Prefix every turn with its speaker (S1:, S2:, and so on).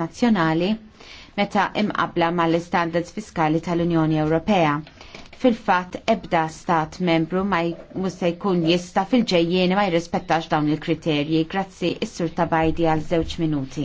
S1: nazzjonali meta imqabla mal-istandards fiskali tal-Unjoni Ewropea. Fil-fatt ebda stat membru ma se jkun jista fil-ġejjieni ma jirrispettax dawn il-kriterji. Grazzi is-sur Tabajdi għal żewġ minuti.